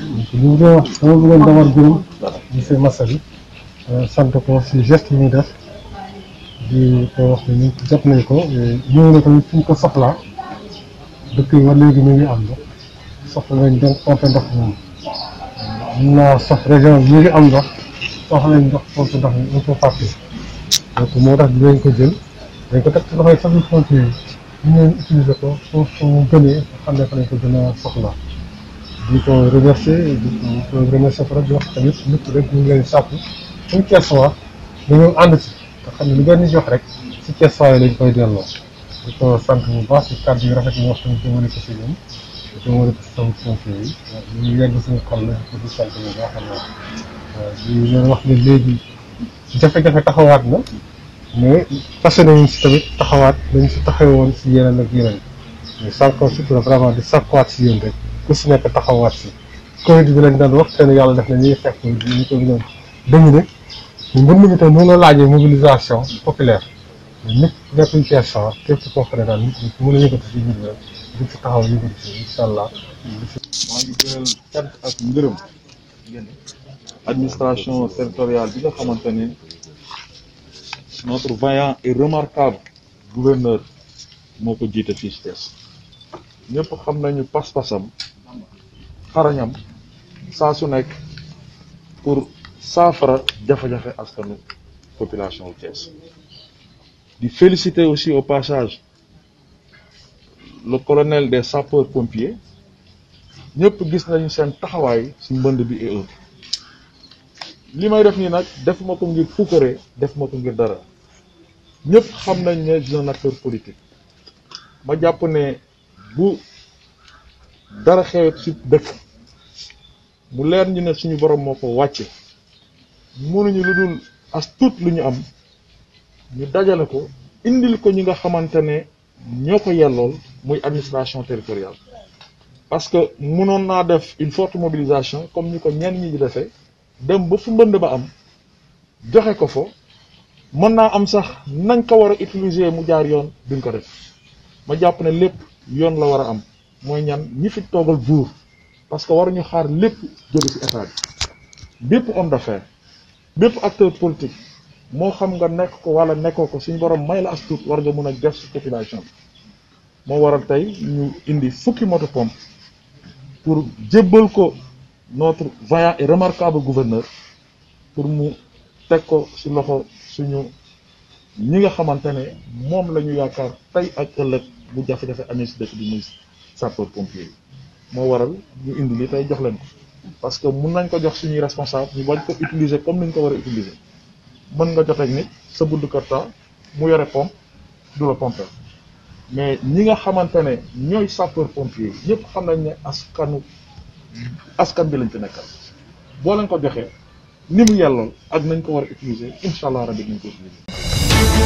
li mu doon wax dama bëggoon d'abord gërëm monsieur Massali sant ko si geste yi def di ko wax ne ñu jot nañ ko na tamit ko soxlaa dëkk yi ba léegi ñu ngi am ndox soxla nañ dem pompe ndox moom mun naa sox am ndox soxla nañ ndox pompe ndox mi un peu partout donc moo tax dinañ ko jël dañ ko teg ci loxoy sax frontière yi ñu leen utiliser ko foofu mu a soxla di ko remercier di ko remercier fa di wax tamit lépp rek ñu ngi leen sàkku suñu Thiès waa dañoo ànd ci nga xam ne lu ngeen di jox rek si Thiès waa yi lañ koy delloo di ko sant bu baax si kàddu yi rafet yi wax tamit jëmale ko si ñoom jëmale ko si sama pompier yi ñu yegg suñu xol la ko di sant bu baax a baax di leen wax ne léegi jafe-jafe taxawaat na mais fas nañu si tamit taxawaat dañ si taxawoon si yeneen ak yeneen mais sànq surtout vraiment di sàkkuwaat si yéen rek ku si nekk taxawaat si Covid bi lañ daan waxtaane yàlla def na ñuy fekk ñu ko doon dañu ne mbir mi tam mën a laajee mobilisation populaire nit nekk ñu cee sawar képp koo xam ne daal nit ñi mën a taxaw allah. maa ngi gënal bi nga xamante ni notre vaillant et remarquable gouverneur moo ko jiite fii si Thiès ñëpp xam nañu pas-pasam. xarañam saa su nek pour saafara jafe-jafe askanu population wu Thiès di féliciter aussi au passage le colonel des sapeurs pompiers ñëpp gis nañu sen taxaway ci mbënd bi et autres li may def ni nak def ma ko ngir puukare def ma ko ngir dara ñëpp xam nañ né je un acteur politique ma japp né bu dara xewet ci dëkk mu leer ñu ne suñu borom moo ko wàcce mënuñu lu dul as tuut lu ñu am ñu dajale ko indil ko ñi nga xamante ne ñoo ko yellool muy administration territoriale parce que mënoon naa def une forte mobilisation comme ñu ko ñenn ñi di defee dem ba fu mbënd ba am joxe ko fo mën naa am sax nañ ko war a utiliser mu jaar yoon duñ ko def ma jàpp ne lépp yoon la war a am mooy ñan ñi fi toogal buur parce que waruñu xaar lépp jóge ci état bi bépp homme d'affaires bépp acteur politique moo xam nga nekk ko wala nekkoo ko suñ borom may la as tuut war nga mën a def ci population bi moo waral tey ñu indi fukki moto pompe pour jébbal ko notre vaillant et remarquable gouverneur pour mu teg ko ci loxo suñu ñi nga xamante ne moom la ñu yaakaar tey ak ëllëg bu jafe-jafe amee ci bi muy sapeur pompier yi moo waral ñu indi li tey jox leen ko parce que mun nañ ko jox suñuy responsable ñu bañ ko utiliser comme ni ñu ko war a mën nga jot ak nit sa buddu karta mu yore pompe du mais ñi nga xamante ne ñooy sapeur pompier ñëpp xam nañ ne askanu askan bi lañ fi nekkal boo leen ko joxee ni mu yellool ak nañ ko war a utiliser incha allah rabi nañ ko utiliser.